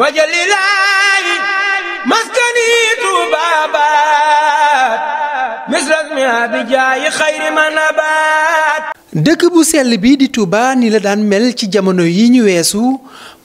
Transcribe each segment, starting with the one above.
wajalilaahi maskani tuubaabaat misrasmi abijaayi xayri ma nabaat dëkk bu sell bi di Touba ni la daan mel ci jamono yi ñu weesu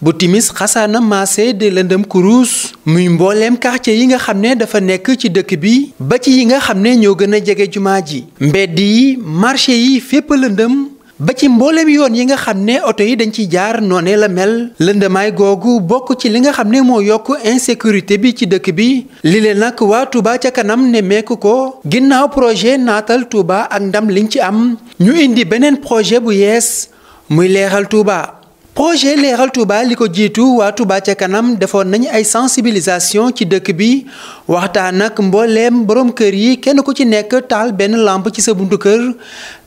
bu timis xasaana maase de lëndëm kuruus muy mbooleem quartier yi nga xam ne dafa nekk ci dëkk bi ba ci yi nga xam ne ñoo gën a jege jumaa ji mbedd yi marché yi fépp lëndëm ba ci mbooleem yoon yi nga xam ne oto yi dañ ci jaar noonee la mel lëndamaay googu bokk ci li nga xam ne moo yokk insécurité bi ci dëkk bi li nag waa Touba ca kanam ne meeku ko ginnaaw projet naatal Touba ak ndam liñ ci am ñu indi beneen projet bu yees muy leexal Touba projet leeral Touba li ko jiitu waa Touba ca kanam defoon nañu ay sensibilisation ci dëkk bi waxtaan ak mbooleem borom kër yi kenn ku ci nekk taal benn lampe ci sa buntu kër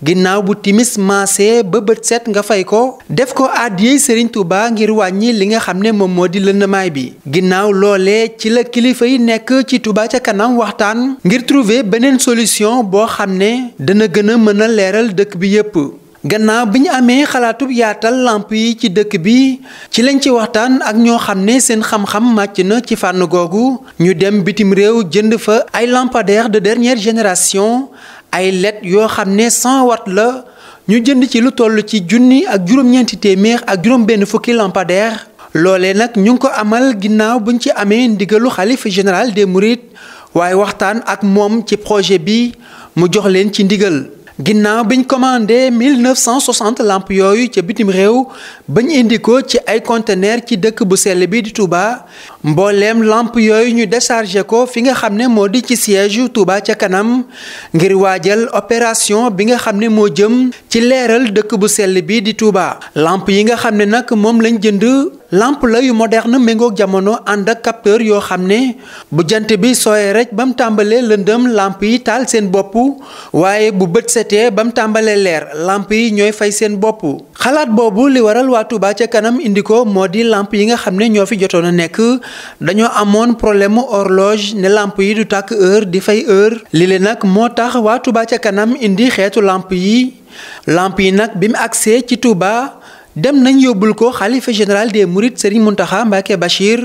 ginnaaw bu timis maase ba bët set nga fay ko. def ko àddiyee Serigne Touba ngir wàññi li nga xam ne moom moo di lëndamaay bi ginnaaw loolee ci la kilifa yi nekk ci Touba ca kanam waxtaan ngir trouver beneen solution boo xam ne dana gën a mën a leeral dëkk bi yépp gannaaw bi ñu amee xalaatub yaatal làmp yi ci dëkk bi ci lañ ci waxtaan ak ñoo xam ne seen xam-xam màcc na ci fànn googu ñu dem bitim réew jënd fa ay lampadaires de dernière génération ay led yoo xam ne 100 watt la ñu jënd ci lu toll ci junni ak juróom-ñeenti téeméer ak juróom-benn fukki lampadaires loole nag ñu ngi ko amal ginnaaw buñ ci amee ndigalu xalifa général des mourides waaye waxtaan ak moom ci projet bi mu jox leen ci ndigal. ginnaaw biñ commandé 1960 lamp yooyu ca bitim réew bañ indi ko ci ay conteneur ci dëkk bu sell bi di Touba mbooleem lamp yooyu ñu déchargé ko fi nga xam ne moo di ci siège Touba ca kanam ngir waajal opération bi nga xam ne moo jëm ci leeral dëkk bu sell bi di Touba lamp yi nga xam ne nag moom lañ jënd làmp la yu moderne méngoog jamono ànd ak capteur yoo xam ne bu jant bi sooyee rek ba mu tàmbalee lëndëm làmp yi taal seen bopp waaye bu bët setee ba mu tàmbalee leer làmp yi ñooy fay seen bopp xalaat boobu li waral waa Touba ca kanam indi ko moo di làmp yi nga xam ne ñoo fi jotoon a nekk dañoo amoon problème horloge ne làmp yi du tàkk heure di fay heure li nag moo tax waa Touba ca kanam indi xeetu làmp yi làmp yi nag bi mu agsee ci Touba dem nañu yóbbul ko xalifa général des mourides Serigne Mountakha Mbacké Bachir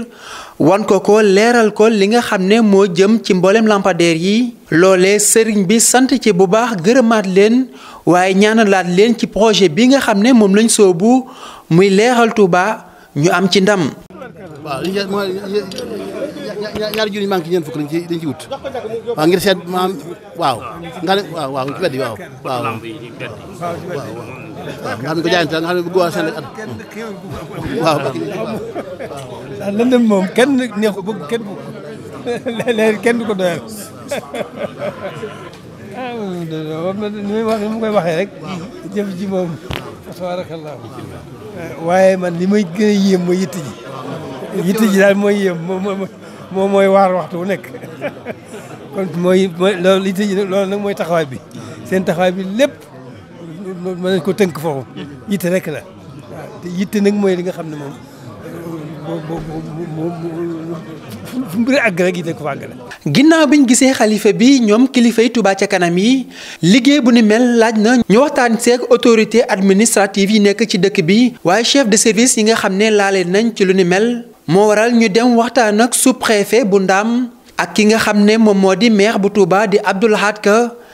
wan ko ko leeral ko li nga xam ne moo jëm ci mboolem lampadeer yi loolee sëriñ bi sant ci bu baax gërëmaat leen waaye ñaanalaat leen ci projet bi nga xam ne moom lañ soobu muy leeral Touba ñu am ci ndam. ñaari junni manqué ñeent ki dañ ci dañ ci wut waaw ngir seet maam waaw nga di waaw waaw ci bedd yi waaw waaw waaw waaw nga xam ne ko jaayante nga xam ne bu góor seen at waaw lëndëm moom kenn neexu bëgg kenn kenn du ko doyal ah moom ni muy wax ni waxee rek jëf ji moom tabarakallah waaye man li may gën a yéem mooy yitt ji daal mooy yéem moom moom mooy waar waxtu wu nekk kon mooy mooy loolu nag mooy taxawaay bi seen taxawaay bi lépp mën nañ ko tënk foofu yitte rek la te yitte nag mooy li nga xam ne moom fu mbir àgg rek yitte ko fàgg la ginnaaw biñ gisee xalifa bi ñoom kilifay Touba ci kanam yi liggéey bu ni mel laaj na ñu waxtaan seeg autorité administrative yi nekk ci dëkk bi waaye chef de service yi nga xam ne laale nañ ci lu ni mel moo waral ñu dem waxtaan ak sous bu Ndam ak ki nga xam ne moom moo di maire bu Touba di Abdou Lahad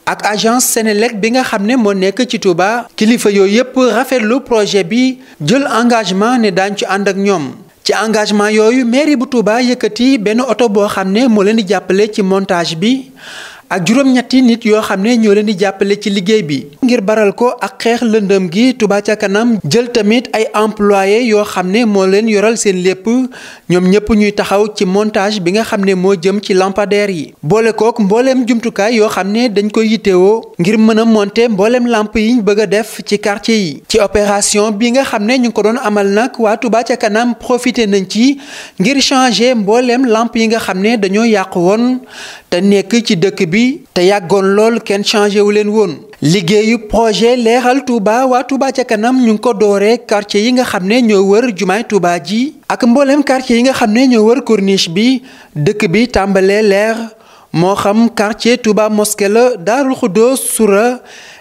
ak agence Senelec bi nga xam ne moo nekk ci Touba kilifa yooyu yépp rafetlu projet bi jël engagement ne daañ ci ànd ak ñoom ci engagement yooyu mairie bu Touba yëkkati benn oto boo xam ne moo leen di jàppale ci montage bi ak juróom-ñetti nit yoo xam ne ñoo leen di jàppale ci liggéey bi ngir baral ko ak xeex lëndëm gi Touba ca kanam jël tamit ay employé yoo xam ne moo leen yoral seen lépp ñoom ñëpp ñuy taxaw ci montage bi nga xam ne moo jëm ci lampadaire yi boole kook mbooleem jumtukaay yoo xam ne dañ ko yittewoo ngir mën a monter mbooleem lamp yi bëgg a def ci quartier yi ci opération bi nga xam ne ñu ngi ko doon amal nag waa Touba kanam profité nañ ci ngir changer mbooleem lamp yi nga xam ne dañoo yàqu woon te dëkk bi bi te yàggoon lool kenn changé wu leen woon liggéeyu projet leeral Touba waa Touba ca kanam ñu ngi ko dooree quartier yi nga xam ne ñoo wër jumaay Touba ji ak mbooleem quartier yi nga xam ne ñoo wër corniche bi dëkk bi tàmbalee leer moo xam quartier Touba mosquée la Daarul Xuddoos Sura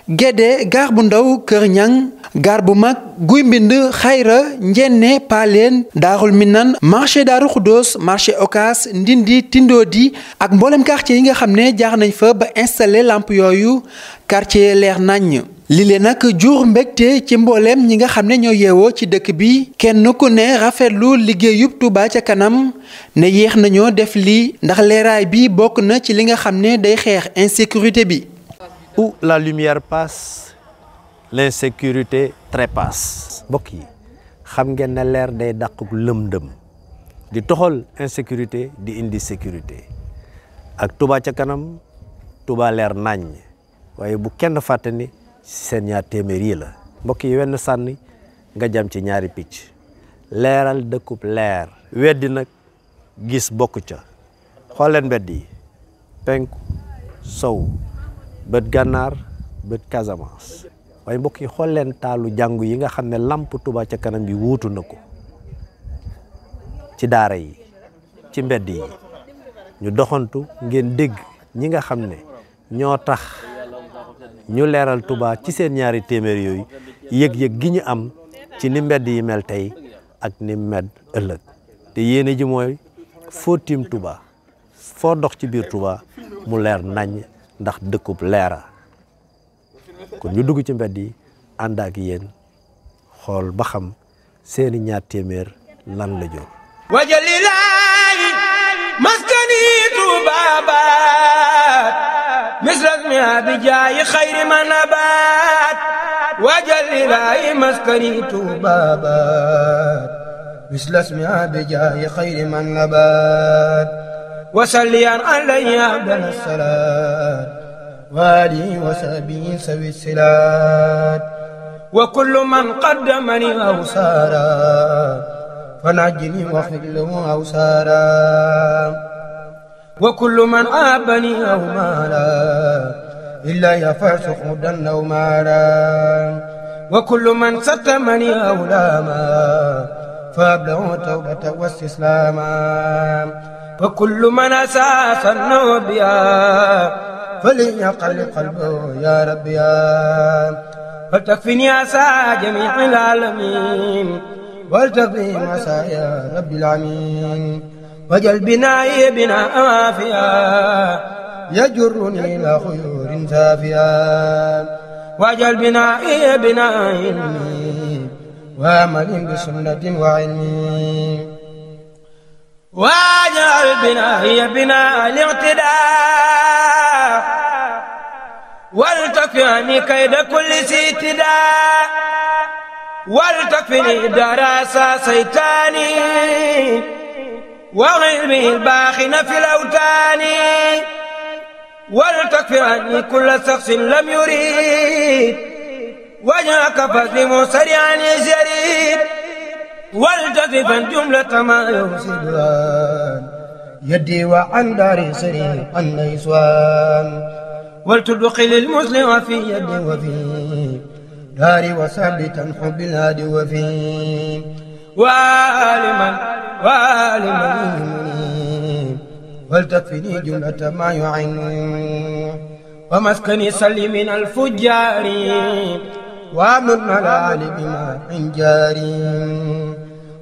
Guédé gaar bu ndaw Kër Ñang gaar bu mag guy mbind xayra njenne paaleen daarul minan marché daaru xuddoos marché okas ndindi tindoo di ak mboolem quartier yi nga xam ne jaar nañ fa ba installé làmp yooyu quartier leer naññ li leen nag jur mbégte ci mbooleem ñi nga xam ne ñoo yeewoo ci dëkk bi kenn ku ne rafetlu liggéeyub Touba ca kanam ne yéex nañoo def lii ndax leeraay bi bokk na ci li nga xam ne day xeex insécurité bi où la lumière passe l'insécurité trépasse mbokk yi xam ngeen ne leer day lëm lëmdëm di toxal insécurité di indi sécurité ak Touba ca kanam Touba leer naññ waaye bu kenn fàttani ni seen ñaar téeméer yi la mbokk yi wenn sànni nga jam ci ñaari picc leeral dëkkub leer weddi nag gis bokk ca xool mbedd yi penku sow bët gànnaar bët Casamance waaye mbokk yi xool taalu jàngu yi nga xam ne làmp tubaa ca kanam bi wuutu na ko ci daara yi ci mbedd yi ñu doxantu ngeen dégg ñi nga xam ne ñoo tax ñu leeral tubaa ci seen ñaari téeméer yooyu yëg-yëg gi ñu am ci ni mbedd yi mel tey ak ni mbedd ëllëg te yéene ji mooy foo tiim Touba foo dox ci biir tubaa mu leer nañ ndax dëkkub leera kon ñu dugg ci mbedd yi ànd yéen xool ba xam seeni ñaar téeméer lan la jóg wajalilaayi maskani tuubaabaat misras mi abijaayi xayri manabaat wajalilaayi wasaliyaan alayhi abdal salaat waalihi wa sahbihi sawi silaat wa kullu man qaddamani aw saara fanajjini waxfid lahu aw saara wa kullu man aabani aw maala illaa yafarsu xudan aw maala wa kullu man satamani aw laama fa ablahu tawbata wa istislaama وكل من أساس النوبيا فليقل قلبه يا رب يا فلتكفني أسى جميع العالمين ولتكفي مسا يا رب العالمين وجل بنائي بنا أوافيا يجرني إلى خيور سافيا وجل بنائي بنا علمي وامل بسنة وعلمي واجعل بناي بناء الاعتداء ولتكفني كيد كل سيتداء ولتكفني دراسة سيتاني وعلمي الباخن في الأوتان ولتكفرني كل شخص لم يريد وجهك فاسلم سريعا يزيد والتزفا جملة ما يفسدان يدي وعن دار سريقا ليسوان ولتدخل المسلم في يدي وفي داري وثابتا حب الهادي وفي وآلما وآلما ولتكفني جملة ما يعين ومسكني سلي من الفجار وامن على بما عن جاري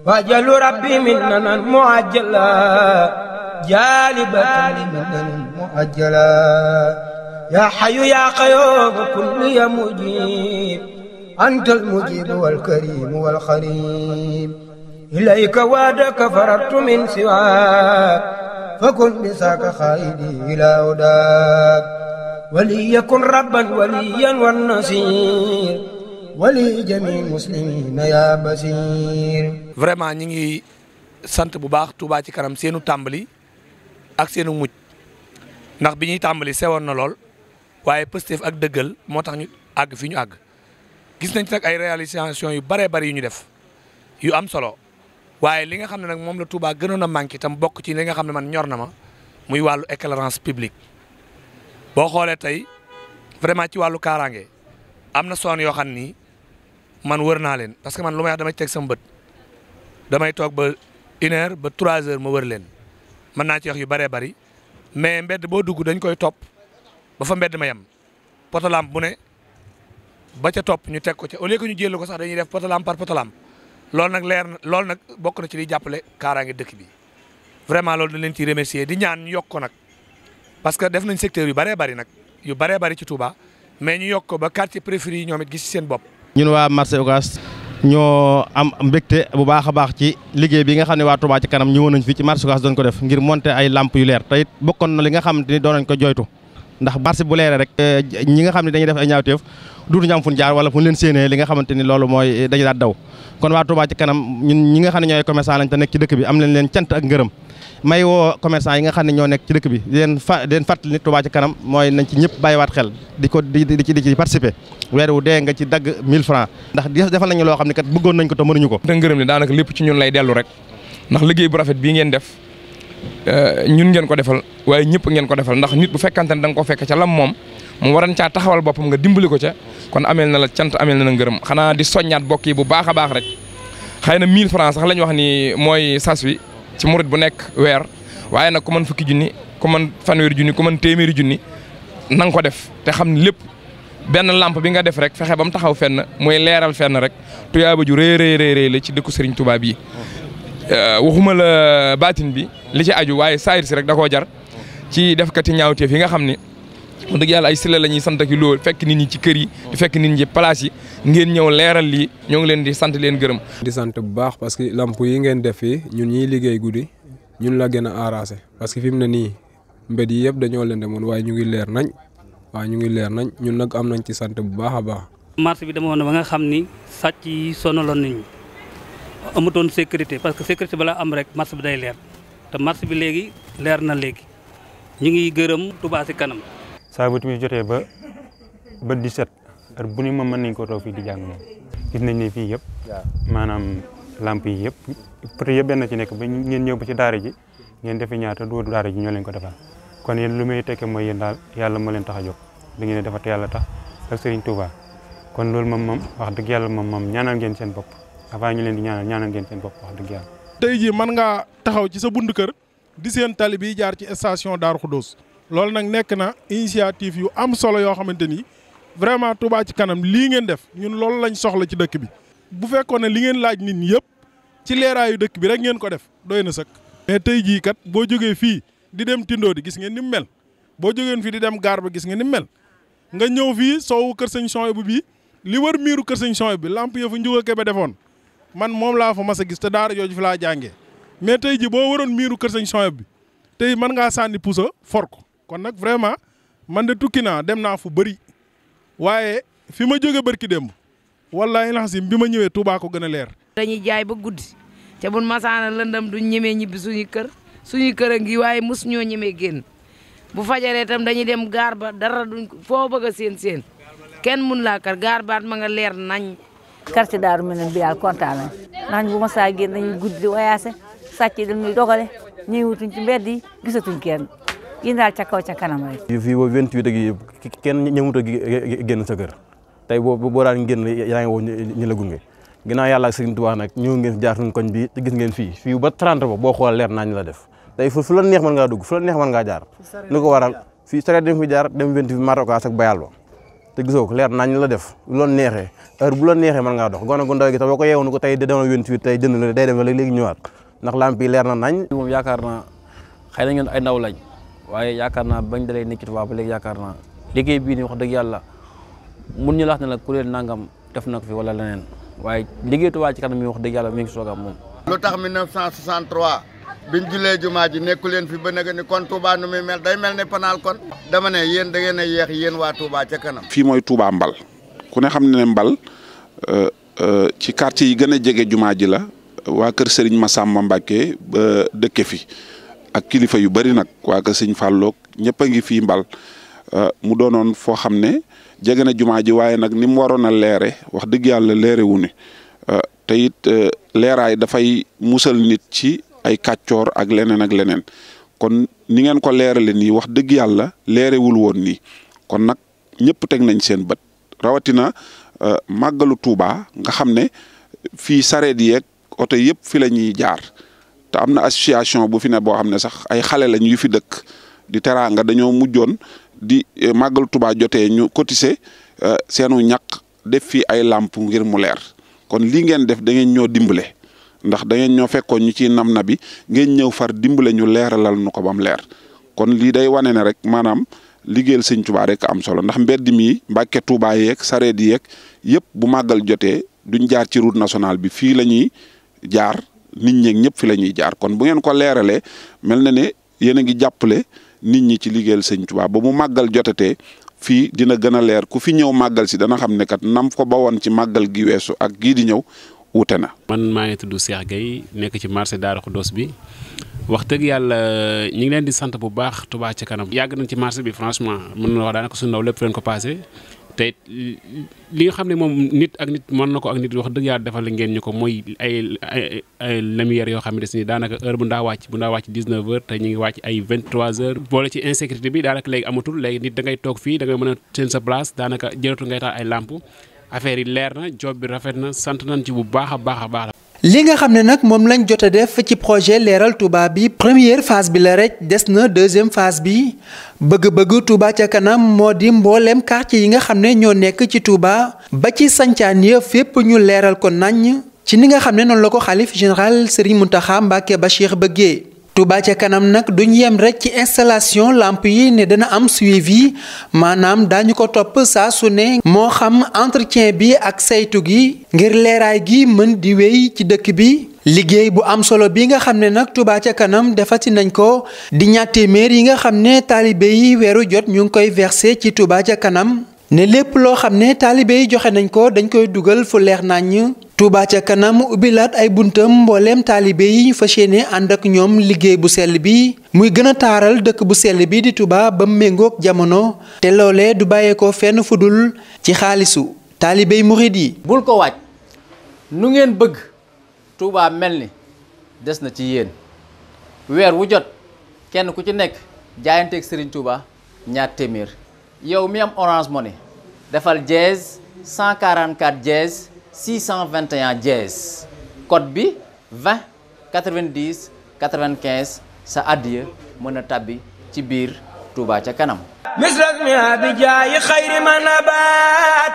وأجل ربي مننا معجلا جالبا مننا معجلا يا حي يا قيوم كل يا مجيب أنت المجيب والكريم والخريم إليك وعدك فررت من سواك فكن بساك خائدي إلى هداك وليكن ربا وليا والنصير wali jami muslimina ya basir vraiment ñi ngi sant bu baax Touba ci kanam seenu tàmbali ak seenu mujj ndax bi ñuy tàmbali sewoon na lool waaye positif ak dëggal moo tax ñu àgg fi ñu àgg gis nañ ci ay réalisation yu bëree bëri yu ñu def yu am solo waaye li nga xam ne nag moom la Touba gënoon a manqué itam bokk ci li nga xam ne man ñor na ma muy wàllu éclairance publique boo xoolee tey vraiment ci wàllu kaaraange am na soon yoo xam ni man wër naa leen parce que man lu may damay teg sama damay toog ba une ba trois heures ma wër leen mën naa ci wax yu bëree bëri mais mbedd boo dugg dañ koy topp ba fa mbedd ma yem potolamp bu ne ba ca topp ñu teg ko ca au lieu que ñu jël ko sax dañuy def potolamp par potolamp loolu nag leer na loolu nag bokk na ci liy jàppale kaaraange dëkk bi vraiment loolu dañ leen ciy remercier di ñaan yokko yokk nag parce que def nañ secteur yu bëree bari nag yu bare bari ci Touba mais ñu yokk ba quartier périphérie yi ñoom it gis ci seen bopp. ñun waa marché Ocass ñoo am mbégte bu baax a baax ci liggéey bi nga xam ne waa Touba ci kanam ñëwoon nañ fi ci marché Ocass doon ko def ngir monte ay lamp yu leer te bokkoon na li nga xam ne doon nañ ko joytu ndax marché bu leere rek euh, ñi nga xam ne dañuy def ay ñaawteef duutu ñu am fu ñu jaar wala fu leen séenee li nga xamante ni loolu mooy euh, dañu daat daw kon waa Touba ci kanam ñun ñi nga xam ne ñooy commerçant lañ te nekk ci dëkk bi am leen leen cant ak ngërëm may woo commerçant yi nga xam ne ñoo nekk ci dëkk bi di leen fa di leen fàttali ni Touba ci kanam mooy nañ ci ñëpp bàyyiwaat xel di ko di di di ci weer wu dee nga ci dagg 1000 francs ndax defal nañu loo xam ne kat bëggoon nañ ko te mënuñu ko. te ngërëm li daanaka lépp ci ñun lay dellu rek ndax liggéey bu rafet bi ngeen def Euh, ñun ngeen ko defal waaye ñëpp ngeen ko defal ndax nit bu fekkante ne da ko fekk ca lam moom mu waran caa taxawal boppam nga dimbali ko ca kon ameel na la cant ameel na la ngërëm xanaa di soññaat bokk yi bu baaxa a baax rek xëy na 1000 francs sax la ñu wax ni mooy sas wi ci murit bu nekk weer waaye nag ku mën fukki junni ku mën fanweeri junni ku man téeméeri junni na nga ko def te xam ne lépp benn lampe bi nga def rek fexe ba mu taxaw fenn mooy leeral fenn rek tuyaaba ju rëy la ci dëkku Serigne Touba bii Euh, waxuma la baatin bi li ci aju waaye saayir si rek da koo jar ci def defkati ñaawteef yi nga xam ne wax dëgg yàlla ay sile la ñuy sant ak lool fekk nit ñi ci kër yi di fekk nit ñi ci yi ngeen ñëw leeral lii ñoo ngi leen di sant leen gërëm. di sant bu baax parce que lamp yi ngeen def fii ñun ñiy liggéey guddi ñun la gën a arrasé parce que fi mu ne nii mbed yi yëpp dañoo leen de demoon waaye ñu ngi leer nañ waaye ñu ngi leer nañ ñun nag am nañ ci sant bu baax a baax. marché bi demoon na ba nga xam ni sàcc yi sonaloon nañu amutoon sécurité parce que sécurité balaa am rek marché bi day leer te marché bi léegi leer na léegi ñu ngi gërëm tubaa si kanam. saa ti timis jotee ba di 17 heure bu ni ma mën nañ ko toog fii di jàng moom gis nañ ne fii yëpp maanaam lamp yi yëpp peut yëpp benn ci nekk ba ngeen ñëw ci daara ji ngeen ñaata doo daara ji ñoo leen ko defal kon yen lu may tekkee mooy yéen daal yàlla moo leen tax a jóg da ngeen defar te yàlla tax ak Serigne Touba kon loolu moom moom wax dëgg yàlla moom moom ñaanal ngeen bopp avant ñu leen di ñaanal ngeen seen bopp wax dëgg tey jii man nga taxaw ci sa buntu kër di seen tali bi jaar ci station Darou Khoudoss loolu nag nekk na initiative yu am solo yoo xamante ni vraiment Touba ci kanam lii ngeen def ñun loolu lañ soxla ci dëkk bi. bu fekkoon ne li ngeen laaj nit ñi yëpp ci leeraayu dëkk bi rek ngeen ko def doy na sëkk. mais tey jii kat boo jógee fii di dem Tindo di gis ngeen ni mu mel boo jógeen fii di dem gaar ba gis ngeen ni mu mel nga ñëw fii soowu kër sëñ Souhaïbou bi li wër miiru kër sëñ Souhaïbou bi lamp ya fa njuga kebe defoon man moom laa fa mas a gis te daara jooju fi laa jàngee mais tey ji boo waroon miiru kër sëñ Souhaïbou bi tey mën ngaa sànni puso for kon nag vraiment man de tukki naa dem naa fu bëri waaye fi ma jóge barki démb wallaahi laxasim bi ma ñëwee Touba ko gën a leer. dañuy jaay ba guddi te bu masaana lëndam du ñemee ñibbi suñu kër suñu kër a ngi waaye mos ñoo ñemee génn bu fajaree itam dañuy dem gaar ba dara duñ foo bëgg a seen seen kenn mun laa kar gaar ba ma nga leer nañ. quartier Daaru Minam bi yàlla kontaan nañ ndax bu ma saa génn dañuy guddi di wayaase sàcc yi dañuy dogale ñuy wutuñ ci mbedd yi gisatuñ kenn yéen daal ca kaw ca kanam rek. fii ba 28 gi kenn ñëwut a génn sa kër tey boo boo daan génn yaa ngi woo ñu la gunge ginnaaw yàlla ak Sëriñ Tuubaa nag ñëw ngeen jaar suñu koñ bi te gis ngeen fii ba 30 ba boo xool leer naa ñu la def tey fu la neex mën ngaa dugg fu la neex mën ngaa jaar. ni ko waral fii sareet dem fi jaar dem 28 Marocaas ak Bayal ba te gisoo ko leer nañ la def loolu neexee heure bu la neexee mën ngaa dox gone gu ndaw gi te boo ko yeewoon ko tey da demoon 28 tey jënd la day dem léegi-léegi ñëwaat ndax lamp yi leer na nañ moom yaakaar naa xëy na ñun ay ndaw lañ waaye yaakaar naa bañ dalay nekk ci Tuubaa ba léegi yaakaar naa liggéey bii ni wax dëgg yàlla mun ñu lax ne la kuréel nangam def na ko fi wala leneen waaye liggéey Tuubaa ci kanam mi wax dëgg yàlla mi ngi soog am moom lu tax 1963 biñ julee jumaa ji nekku leen fi ba nag ni kon Touba nu muy mel day mel ne panaal kon. dama ne yéen da ngeen a yéex yéen waa Touba ca kanam. fii mooy Touba Mbal ku ne xam ne Mbal euh, euh, ci quartier yi gën a jege jumaa ji la waa kër Serigne Massamba Mbacké ba dëkke fi ak kilifa yu bari nag waa kër Serigne Fallou ñëpp a ngi fi Mbal euh, mu doonoon foo xam ne jege na jumaa ji waaye nag ni mu waroon a leere wax dëgg yàlla leere wu ne te it leeraay dafay musal nit ci. ay kàccoor ak leneen ak leneen kon ni ngeen ko leerale nii wax dëgg yàlla leerewul woon nii kon nag ñëpp teg nañ seen bët rawatina euh, màggalu Touba nga xam ne fii sareet yeeg oto yëpp fi la ñuy jaar te am na association bu fi ne boo xam ne sax ay xale lañ yu fi dëkk di teraanga dañoo mujjoon di euh, màggalu Touba jotee ñu cotiser euh, seenu ñaq def fii ay làmp ngir mu leer kon lii ngeen def da ngeen ñoo dimbale ndax da ngeen ñoo fekkoon ñu ci nam na bi ngeen ñëw far dimbale ñu leeralal nu ko ba leer kon lii day wane ne rek maanaam liggéeyal sëñ Tuubaa rek am solo ndax mbedd mi Mbàkke Tuubaa yeeg sareet yeeg yëpp bu màggal jotee duñ jaar ci route national bi fii la ñuy jaar nit ñeeg ñëpp fi la ñuy jaar kon bu ngeen ko leeralee mel na ne yéen a ngi jàppale nit ñi ci liggéeyal sëñ Tuubaa ba mu màggal jotatee fii dina gën a leer ku fi ñëw màggal si dana xam ne kat nam ko bawoon ci màggal gi weesu ak gii di ñëw wuute na. man maa ngi tudd Cheikh Gueye nekk ci marché Darou Khoudoss bi wax dëgg yàlla ñu ngi leen di sant bu baax Touba ci kanam. yàgg nañ ci marché bi franchement mën na wax daanaka suñu ndaw lépp leen ko passé li nga xam ne moom nit ak nit mën na ko ak nit wax dëgg yàlla defal ngeen ñu ko mooy ay ay yoo xam ne si daanaka heure bu ndaa wàcc bu ndaa wàcc 19 heures te ñu ngi wàcc ay 23 heures. boole ci insécurité bi daanaka léegi amatul léegi nit da ngay toog fii da ngay mën a seen sa place daanaka jërëtu ngay affaire yi leer na job bi rafet na sant nañ ci bu baax a baax a baax. li nga xam ne nag moom lañ jot def ci projet leeral tubaab bi première phase bi la rek des na deuxième phase bi bëgg-bëgg tubaa ca kanam moo di mbooleem quartier yi nga xam ne ñoo nekk ci Touba ba ci sancaan ya fépp ñu leeral ko nañ ci ni nga xam ne noonu la ko xalif général Serigne Mountakha ba Bachir bëggee. Touba ca kanam nag duñ yem rek ci installation lamp yi ne dana am suivi maanaam daañu ko topp saa su ne moo xam entretien bi ak saytu gi ngir leeraay gi mën di wéy ci dëkk bi liggéey bu am solo bi nga xam ne nag tubaa ca kanam defati nañ ko di ñaar téeméer yi nga xam ne taalibe yi weeru jot ñu ngi koy versé ci tubaa ca kanam ne lépp loo xam ne taalibe yi joxe nañ ko dañ koy dugal fu leer naññ Touba ca kanam ubbilaat ay buntam mbooleem taalibe yi ñu fa yéene ànd ak ñoom liggéey bu sell bi muy gën a taaral dëkk bu sell bi di Touba ba méngoog jamono te loolee du bàyyeekoo fenn fudul ci xaalisu taalibey murid yi bul ko waaj nu ngeen bëgg Touba mel ni des na ci yéen weer wu jot kenn ku ci nekk jaayanteeg Serigne Touba ñaar téeméer yow mi am Orange Money defal dièse 144 dièse 621 dièse code bi 20 90 95 sa addiya mën a tabbi ci biir Touba ca kanam misrasmi bi jaayi xayri man abaat